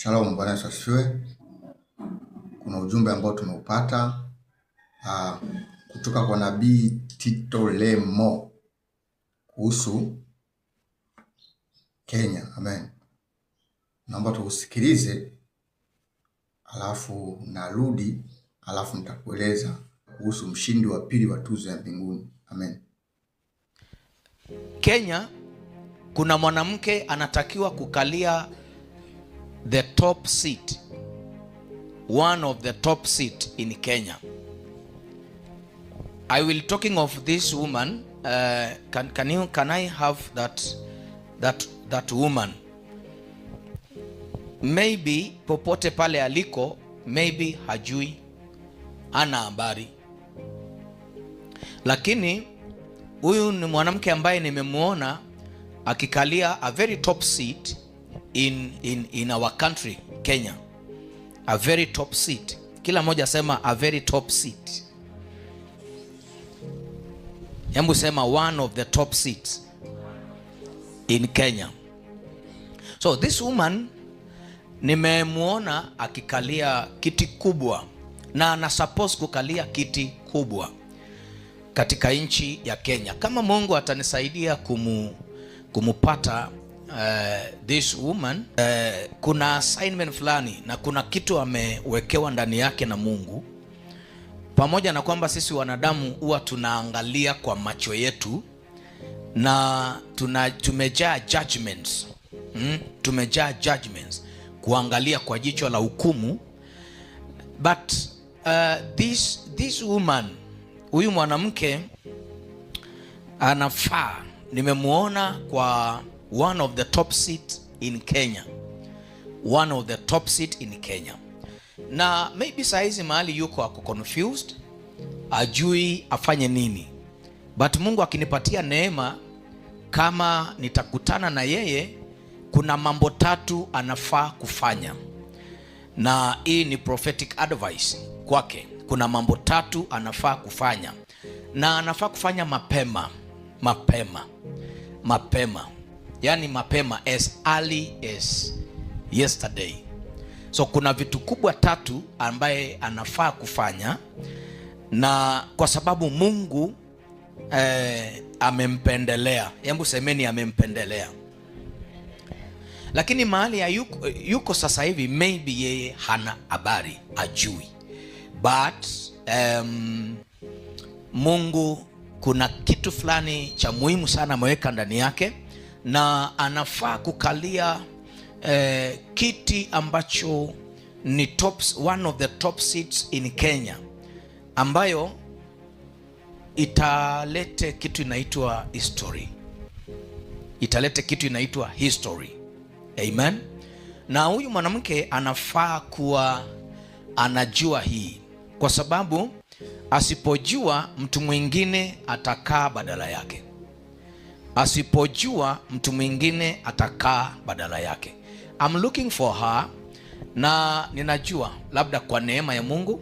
Shalom, Bwana Yesu asifiwe. Kuna ujumbe ambao tumeupata uh, kutoka kwa nabii Tito Lemo kuhusu Kenya. Amen, naomba tuusikilize, alafu narudi, alafu nitakueleza kuhusu mshindi wa pili wa tuzo ya mbinguni. Amen. Kenya kuna mwanamke anatakiwa kukalia the top seat, one of the top seat in Kenya. I will talking of this woman. Uh, can can you can I have that that that woman? Maybe popote pale aliko, maybe hajui, ana habari, lakini huyu ni mwanamke ambaye nimemwona akikalia a very top seat in, in, in our country Kenya, a very top seat. Kila mmoja sema a very top seat. Hebu sema one of the top seats in Kenya. So this woman nimemwona akikalia kiti kubwa na ana suppose kukalia kiti kubwa katika nchi ya Kenya. Kama Mungu atanisaidia kumu, kumupata uh, this woman uh, kuna assignment fulani na kuna kitu amewekewa ndani yake na Mungu, pamoja na kwamba sisi wanadamu huwa tunaangalia kwa macho yetu na tuna, tumejaa judgments mm, tumejaa judgments kuangalia kwa jicho la hukumu but uh, this, this woman, huyu mwanamke anafaa, nimemwona kwa one of the top seat in Kenya, one of the top seat in Kenya. Na maybe saa hizi mahali yuko ako confused, ajui afanye nini, but Mungu akinipatia neema kama nitakutana na yeye, kuna mambo tatu anafaa kufanya, na hii ni prophetic advice kwake. Kuna mambo tatu anafaa kufanya, na anafaa kufanya mapema, mapema, mapema yani mapema, as early as yesterday. So kuna vitu kubwa tatu ambaye anafaa kufanya, na kwa sababu Mungu eh, amempendelea. Hebu semeni amempendelea. Lakini mahali ya yuko, yuko sasa hivi maybe yeye hana habari, ajui but um, Mungu kuna kitu fulani cha muhimu sana ameweka ndani yake na anafaa kukalia eh, kiti ambacho ni tops, one of the top seats in Kenya ambayo italete kitu inaitwa history, italete kitu inaitwa history. Amen. Na huyu mwanamke anafaa kuwa anajua hii, kwa sababu asipojua mtu mwingine atakaa badala yake asipojua mtu mwingine atakaa badala yake. I'm looking for her, na ninajua labda kwa neema ya Mungu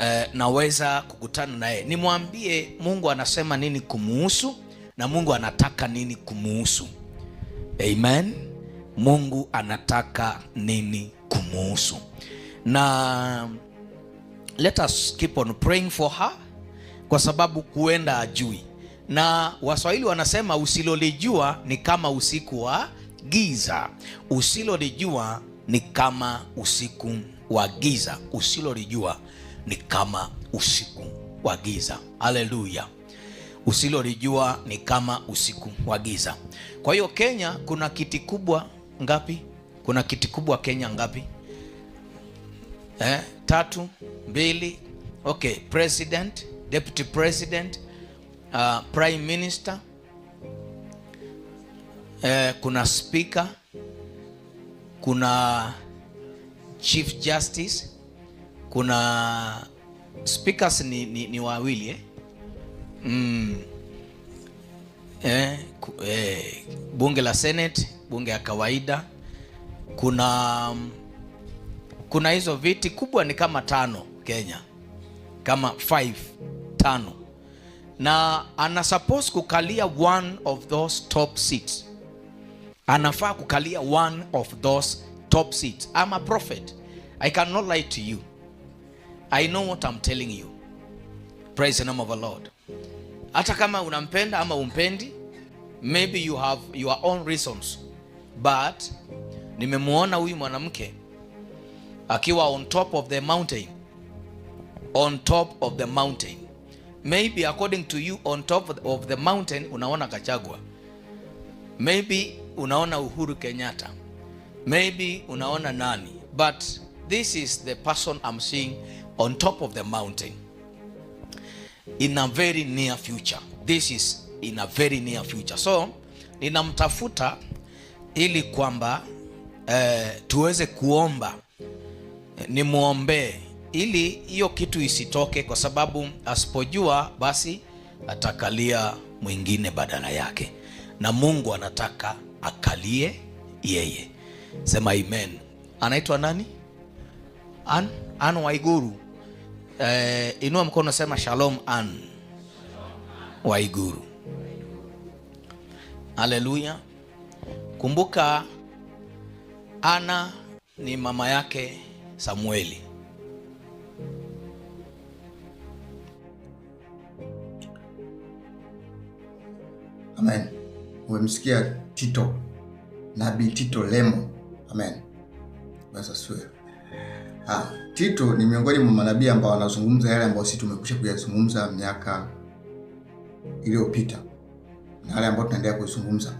eh, naweza kukutana naye, nimwambie Mungu anasema nini kumuhusu na Mungu anataka nini kumuhusu. Amen. Mungu anataka nini kumuhusu, na let us keep on praying for her, kwa sababu kuenda ajui na Waswahili wanasema usilolijua ni kama usiku wa giza. Usilolijua ni kama usiku wa giza. Usilolijua ni kama usiku wa giza. Haleluya! Usilolijua ni kama usiku wa giza. Kwa hiyo Kenya kuna kiti kubwa ngapi? Kuna kiti kubwa Kenya ngapi? Eh, tatu, mbili. Okay, president, deputy president uh, prime minister eh, kuna speaker, kuna chief justice, kuna speakers ni, ni, ni wawili eh? Mm. Eh, eh, bunge la Senate, bunge ya kawaida kuna kuna hizo viti kubwa ni kama tano Kenya, kama 5 tano na ana suppose kukalia one of those top seats, anafaa kukalia one of those top seats. I'm a prophet, I cannot lie to you. I know what I'm telling you. Praise the name of the Lord. Hata kama unampenda ama umpendi, maybe you have your own reasons, but nimemwona huyu mwanamke akiwa on top of the mountain, on top of the mountain maybe according to you on top of the mountain unaona kachagwa maybe unaona Uhuru Kenyatta, maybe unaona nani, but this is the person I'm seeing on top of the mountain in a very near future. This is in a very near future, so ninamtafuta ili kwamba eh, tuweze kuomba nimwombee ili hiyo kitu isitoke, kwa sababu asipojua basi atakalia mwingine badala yake, na Mungu anataka akalie yeye. Sema amen. Anaitwa nani? An, An Waiguru. e, inua mkono sema shalom An Waiguru. Haleluya. Kumbuka Ana ni mama yake Samueli. Amen. Umemsikia Tito, nabii Tito Lemo. Amen. Basi asifiwe. Ah, Tito ni miongoni mwa manabii ambao wanazungumza yale ambayo sisi tumekwisha kuyazungumza miaka iliyopita na yale ambayo tunaendelea kuzungumza,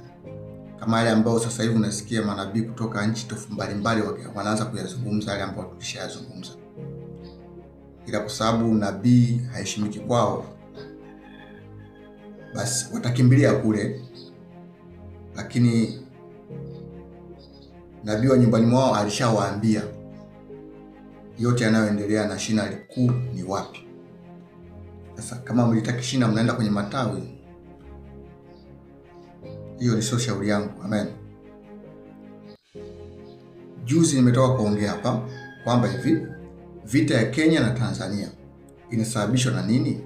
kama yale ambayo sasa hivi unasikia manabii kutoka nchi mbalimbali wanaanza kuyazungumza yale ambayo tulishayazungumza, ila kwa sababu nabii haheshimiki kwao basi watakimbilia kule, lakini nabii wa nyumbani mwao alishawaambia yote yanayoendelea na shina likuu ni wapi. Sasa kama mlitaki shina, mnaenda kwenye matawi. Hiyo ni sio shauri yangu. Amen. Juzi nimetoka kuongea hapa kwamba hivi vita ya Kenya na Tanzania inasababishwa na nini?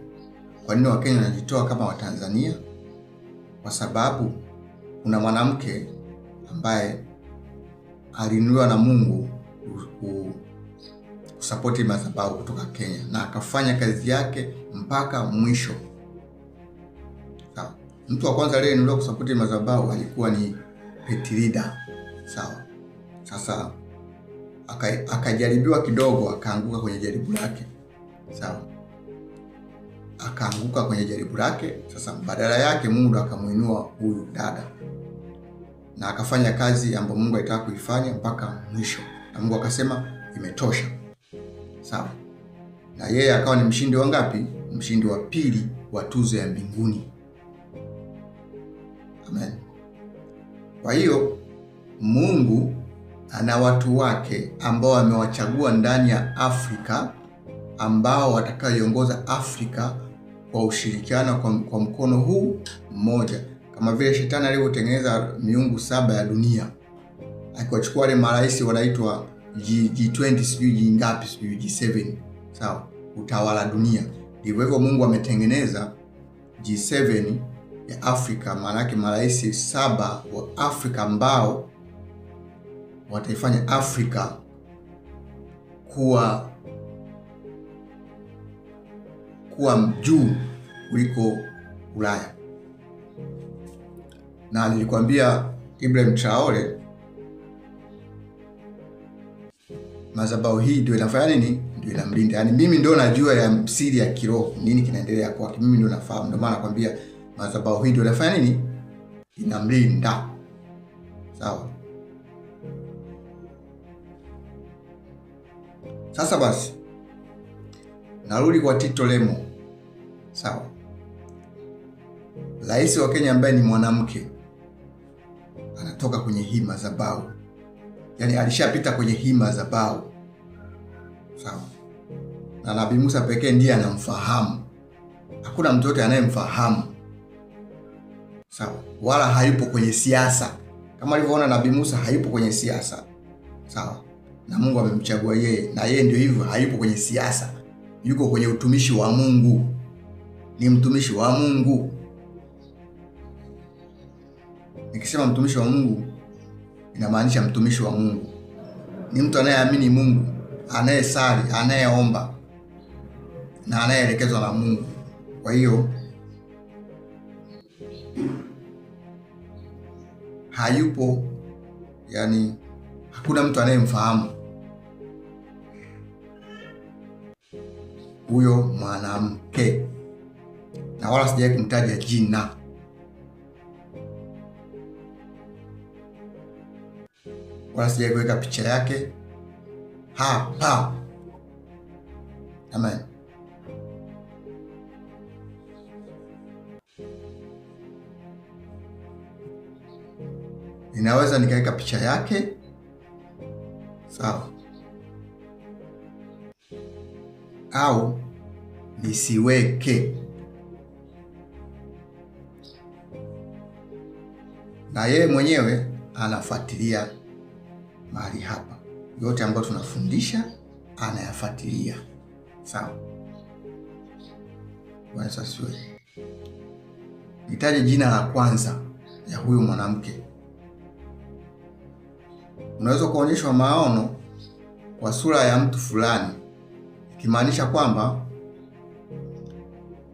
Kwa nini Wakenya wanajitoa kama Watanzania? Kwa sababu kuna mwanamke ambaye alinuiwa na Mungu kusapoti madhabahu kutoka Kenya na akafanya kazi yake mpaka mwisho. Sawa. Mtu wa kwanza aliyeinuliwa kusapoti madhabahu alikuwa ni Petrida. Sawa. Sasa akajaribiwa kidogo, akaanguka kwenye jaribu lake. Sawa akaanguka kwenye jaribu lake. Sasa badala yake Mungu akamuinua huyu dada na akafanya kazi ambayo Mungu alitaka kuifanya mpaka mwisho, na Mungu akasema imetosha, sawa. Na yeye akawa ni mshindi wa ngapi? Mshindi wa pili wa tuzo ya mbinguni. Amen. Kwa hiyo Mungu ana watu wake ambao amewachagua ndani ya Afrika ambao watakaoiongoza Afrika kwa ushirikiano kwa, kwa mkono huu mmoja, kama vile shetani alivyotengeneza miungu saba ya dunia akiwachukua wale marais wanaitwa G20 sijui ngapi sijui G7, sawa, utawala dunia. Ndivyo hivyo Mungu ametengeneza G7 ya Afrika, maanake marais saba wa Afrika ambao wataifanya Afrika kuwa lilikuwa juu kuliko Ulaya, na nilikwambia Ibrahim Traore, madhabahu hii ndio inafanya nini, ndio inamlinda. Yani mimi ndio najua ya msiri ya kiroho nini kinaendelea kwake, mimi ndio nafahamu. Ndio maana nakwambia madhabahu hii ndio inafanya nini, inamlinda. Sawa. Sasa basi narudi kwa Tito Lemo sawa. Rais wa Kenya ambaye ni mwanamke anatoka kwenye hii madhabahu, yaani alishapita kwenye hii madhabahu, sawa. Na Nabii Musa pekee ndiye anamfahamu, hakuna mtu yote anayemfahamu, sawa, wala hayupo kwenye siasa kama alivyoona Nabii Musa hayupo kwenye siasa, sawa. Na Mungu amemchagua yeye, na yeye ndio hivyo, hayupo kwenye siasa, yuko kwenye utumishi wa Mungu ni mtumishi wa Mungu. Nikisema mtumishi wa Mungu, inamaanisha mtumishi wa Mungu ni mtu anayeamini Mungu, anayesali, anayeomba na anayeelekezwa na Mungu. Kwa hiyo hayupo, yani hakuna mtu anayemfahamu huyo mwanamke na wala sijawahi kumtaja jina. Wala sijawahi kuweka picha yake hapa. Amen. Ninaweza nikaweka picha yake sawa, au nisiweke. na yeye mwenyewe anafuatilia mahali hapa, yote ambayo tunafundisha anayafuatilia. Sawa, Bwana asifiwe. Nitaje jina la kwanza ya huyu mwanamke. Unaweza kuonyeshwa maono kwa sura ya mtu fulani, ikimaanisha kwamba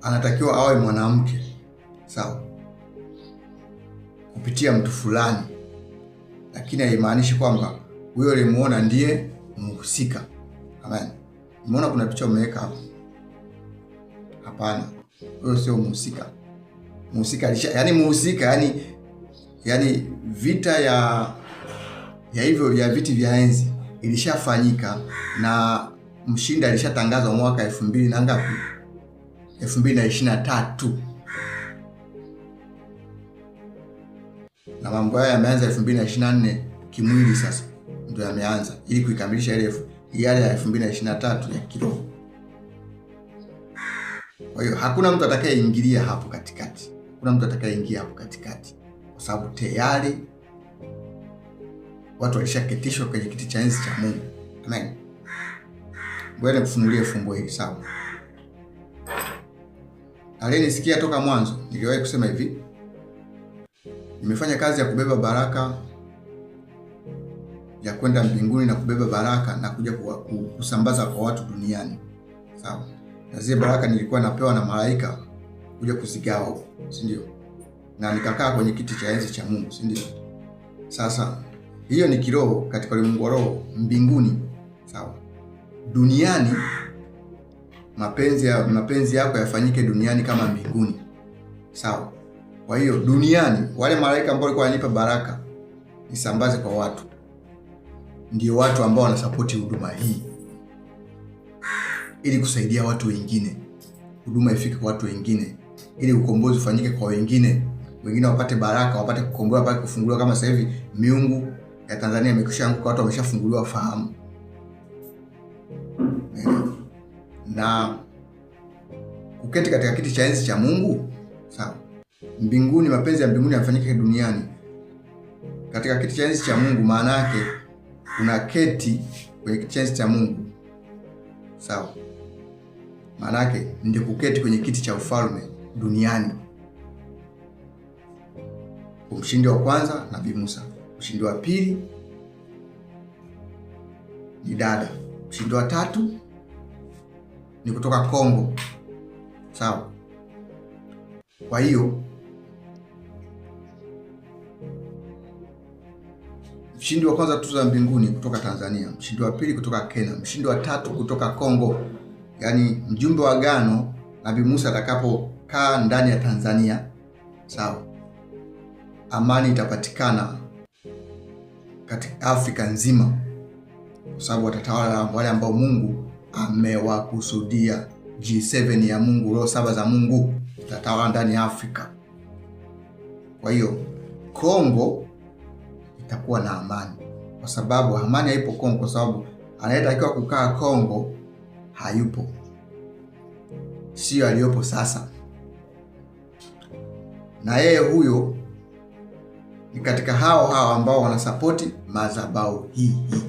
anatakiwa awe mwanamke. Sawa kupitia mtu fulani, lakini haimaanishi kwamba huyo alimuona ndiye mhusika. Amen. Umeona kuna picha umeweka hapo? Hapana, huyo sio mhusika. Mhusika alisha, yani mhusika, yani yani vita ya ya hivyo ya viti vya enzi ilishafanyika na mshindi alishatangazwa mwaka elfu mbili na ngapi? elfu mbili na ishirini na tatu. na mambo haya yameanza 2024 kimwili, sasa ndio yameanza ili kuikamilisha ile yale ya 2023 ya kiroho. Kwa hiyo hakuna mtu atakayeingilia hapo katikati, hakuna mtu atakayeingia hapo katikati, kwa sababu tayari watu walishaketishwa kwenye kiti cha enzi cha Mungu. Amen. Bwana kufunulie fumbo hili sawa. Aliyenisikia toka mwanzo, niliwahi kusema hivi Nimefanya kazi ya kubeba baraka ya kwenda mbinguni na kubeba baraka na kuja kusambaza kwa watu duniani. Sawa. Na zile baraka nilikuwa napewa na malaika kuja kuzigawa, si ndio? Na nikakaa kwenye kiti cha enzi cha Mungu, si ndio? Sasa hiyo ni kiroho katika ulimwengu wa roho mbinguni, sawa. Duniani mapenzi ya mapenzi yako yafanyike duniani kama mbinguni, sawa. Kwa hiyo duniani wale malaika ambao walikuwa wananipa baraka nisambaze kwa watu, ndio watu ambao wanasapoti huduma hii ili kusaidia watu wengine, huduma ifike kwa watu wengine, ili ukombozi ufanyike kwa wengine, wengine wapate baraka, wapate kukomboa, wapate kufunguliwa. Kama sasa hivi miungu ya Tanzania imekwishaanguka, watu wameshafunguliwa fahamu na kuketi katika kiti cha enzi cha Mungu sawa mbinguni, mapenzi ya mbinguni yafanyike duniani. Katika kiti cha enzi cha Mungu, maana yake kuna keti kwenye kiti cha enzi cha Mungu, sawa? Maana yake ndio kuketi kwenye kiti cha ufalme duniani. Mshindi wa kwanza Nabii Musa, mshindi wa pili ni dada, mshindi wa tatu ni kutoka Kongo, sawa? Kwa hiyo mshindi wa kwanza tuzo ya mbinguni kutoka Tanzania, mshindi wa pili kutoka Kenya, mshindi wa tatu kutoka Kongo, yaani mjumbe wa agano Nabii Musa atakapokaa ndani ya Tanzania, sawa, amani itapatikana katika Afrika nzima, kwa sababu watatawala wale ambao Mungu amewakusudia. G7 ya Mungu, roho saba za Mungu itatawala ndani ya Afrika. Kwa hiyo Kongo itakuwa na amani, kwa sababu amani haipo Kongo, kwa sababu anayetakiwa kukaa Kongo hayupo, sio aliyopo sasa. Na yeye huyo ni katika hao hao ambao wanasapoti madhabahu hii hii,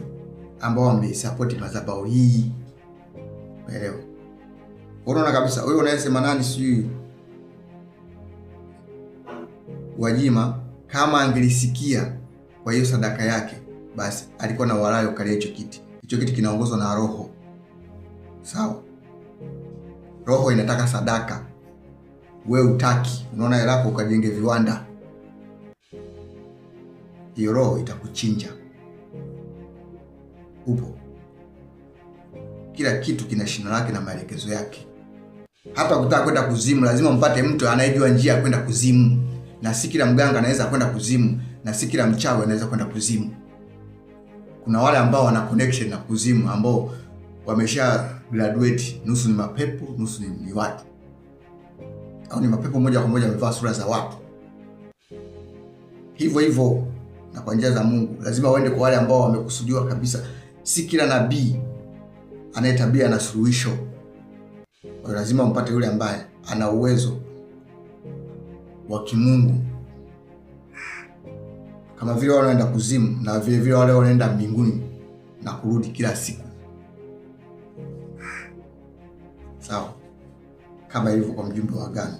ambao wameisapoti madhabahu hii, umeelewa? Unaona kabisa huyo unayesema nani, sijui Wajima, kama angelisikia kwa hiyo sadaka yake, basi alikuwa na uhalali ukalia hicho kiti. Hicho kiti kinaongozwa na roho, sawa? Roho inataka sadaka, we utaki. Unaona elako ukajenge viwanda, hiyo roho itakuchinja. Upo, kila kitu kina shina lake na maelekezo yake. Hata kutaka kwenda kuzimu, lazima mpate mtu anayejua njia ya kwenda kuzimu, na si kila mganga anaweza kwenda kuzimu na si kila mchawi anaweza kwenda kuzimu. Kuna wale ambao wana connection na kuzimu ambao wamesha graduate, nusu ni mapepo, nusu ni watu, au ni mapepo moja kwa moja, wamevaa sura za watu. Hivyo hivyo na kwa njia za Mungu lazima waende kwa wale ambao wamekusudiwa kabisa. Si kila nabii anayetabia na suluhisho, lazima mpate yule ambaye ana uwezo wa kimungu kama vile wale wanaenda kuzimu na vile vile wale wanaenda mbinguni na kurudi kila siku, sawa kama ilivyo kwa mjumbe wa agano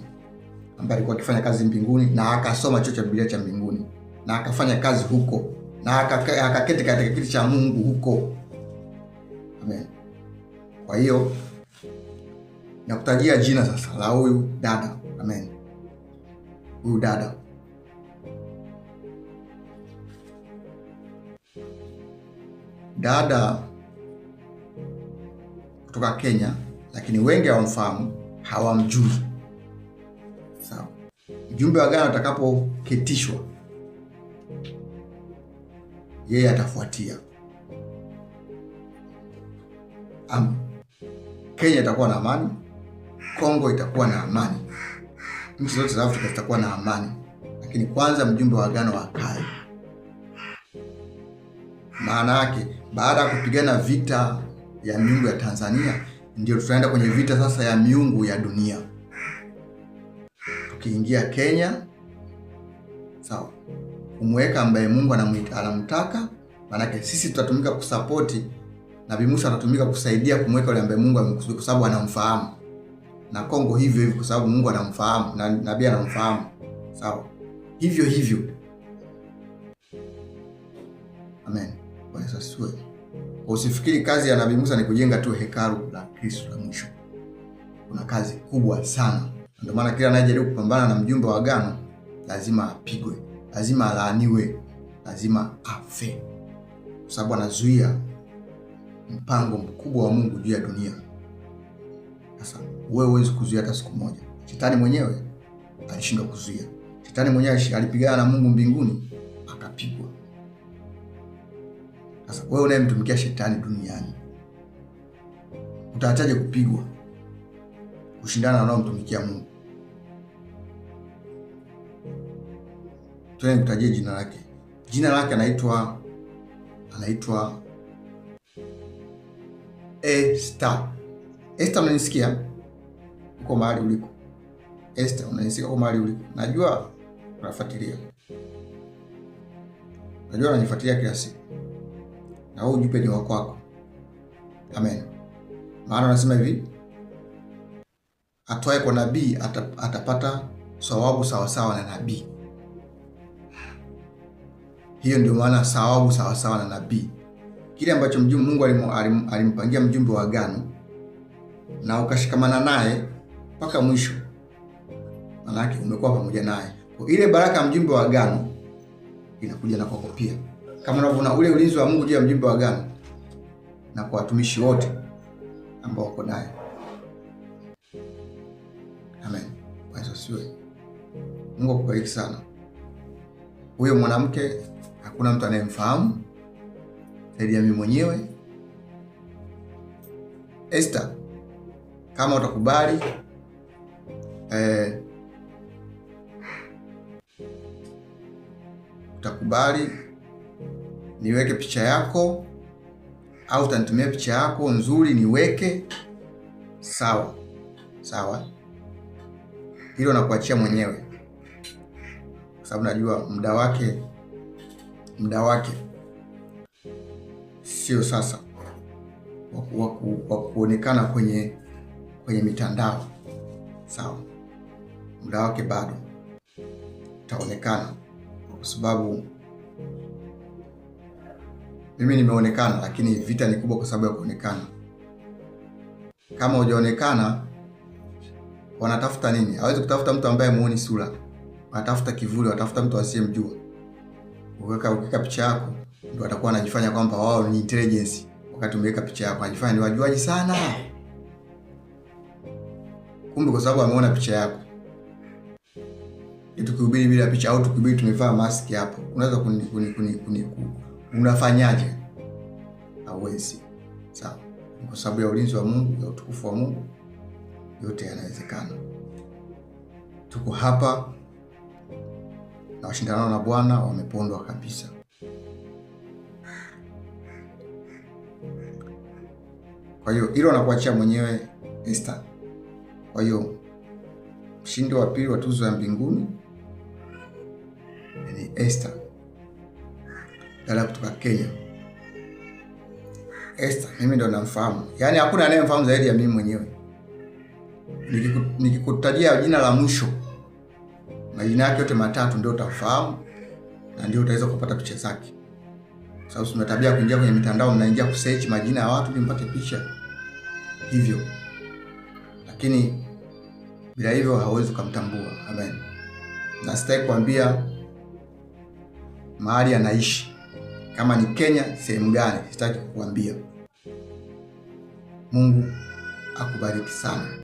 ambaye alikuwa akifanya kazi mbinguni na akasoma chuo cha Biblia cha mbinguni na akafanya kazi huko na akaketi katika kiti cha Mungu huko. Amen. Kwa hiyo nakutajia jina sasa la huyu dada. Amen, huyu dada dada kutoka Kenya, lakini wengi hawamfahamu, hawamjui. Sawa, mjumbe wa Ghana atakapoketishwa, yeye atafuatia. Am, Kenya itakuwa na amani, Kongo itakuwa na amani, nchi zote za Afrika zitakuwa na amani, lakini kwanza mjumbe wa wa wakae. Maana yake baada ya kupigana vita ya miungu ya Tanzania, ndio tutaenda kwenye vita sasa ya miungu ya dunia, tukiingia Kenya. Sawa, kumweka ambaye Mungu anamuita anamtaka, maanake sisi tutatumika kusapoti Nabii Musa anatumika kusaidia kumweka yule ambaye Mungu amekusudia, kwa sababu anamfahamu, na Kongo hivyo hivyo, kwa sababu Mungu anamfahamu na nabii anamfahamu. Sawa, hivyo hivyo. Amen. Bwana asifiwe. Usifikiri kazi ya Nabii Musa ni kujenga tu hekalu la Kristo la mwisho. Kuna kazi kubwa sana, ndio maana kila anayejaribu kupambana na mjumbe wa agano lazima apigwe, lazima alaaniwe, lazima afe, kwa sababu anazuia mpango mkubwa wa Mungu juu ya dunia. Sasa wewe huwezi kuzuia hata siku moja. Shetani mwenyewe alishindwa kuzuia. Shetani mwenyewe alipigana na Mungu mbinguni akapigwa. Sasa wewe unayemtumikia shetani duniani utaachaje kupigwa kushindana na wanaomtumikia Mungu? Tutajie jina lake. Jina lake anaitwa anaitwa Esta. Esta, unanisikia uko mahali uliko? Esta, unanisikia uko mahali uliko? Najua unafuatilia, najua unanifuatilia kila siku na huu ujumbe ni wa kwako. Amen. Maana anasema hivi, atoae kwa nabii atapata sawabu sawasawa na nabii. Hiyo ndio maana sawabu sawasawa na nabii, kile ambacho mjumbe Mungu alim, alim, alimpangia mjumbe wa agano na ukashikamana naye mpaka mwisho, maanake umekuwa pamoja naye. Ile baraka ya mjumbe wa agano inakuja na kwako pia kama unavyoona ule ulinzi wa Mungu juu ya mjumbe wa agano na kwa watumishi wote ambao wako naye. Amen. Asifiwe. Mungu akubariki sana. Huyo mwanamke hakuna mtu anayemfahamu zaidi ya mimi mwenyewe. Esther, kama utakubali eh, utakubali niweke picha yako au utanitumia picha yako nzuri niweke sawa sawa, hilo nakuachia mwenyewe, kwa sababu najua muda wake muda wake sio sasa wa kuonekana kwenye kwenye mitandao sawa. Muda wake bado utaonekana kwa sababu mimi nimeonekana, lakini vita ni kubwa kwa sababu ya kuonekana. Kama hujaonekana, wanatafuta nini? Hawezi kutafuta mtu ambaye muoni sura, wanatafuta kivuli, wanatafuta mtu asiyemjua. Ukiweka ukiweka picha yako, ndio watakuwa wanajifanya kwamba wao ni intelligence, wakati umeweka picha yako anajifanya ni wajuaji sana, kumbe kwa sababu ameona picha yako tukihubiri bila picha au tukihubiri tumevaa maski hapo, unaweza kuni, kuni, kuni, kuni, kuni unafanyaje? Hauwezi. Sawa, kwa sababu ya ulinzi wa Mungu, ya utukufu wa Mungu, yote yanawezekana. Tuko hapa na washindanao na Bwana wamepondwa kabisa. Kwa hiyo hilo anakuachia mwenyewe Esther. Kwa hiyo mshindi wa pili wa tuzo ya mbinguni ni Esther dada kutoka Kenya. Esther, mimi ndo namfahamu, yaani hakuna anayemfahamu zaidi ya mimi mwenyewe. Nikikutajia jina la mwisho, majina yake yote matatu, ndio utafahamu na ndio utaweza kupata picha zake, sababu tuna tabia kuingia kwenye mitandao, mnaingia kusearch majina ya watu ili mpate picha hivyo, lakini bila hivyo hauwezi ukamtambua. Amen. Na sitaki kuambia mahali anaishi kama ni Kenya sehemu gani, sitaki kukuambia. Mungu akubariki sana.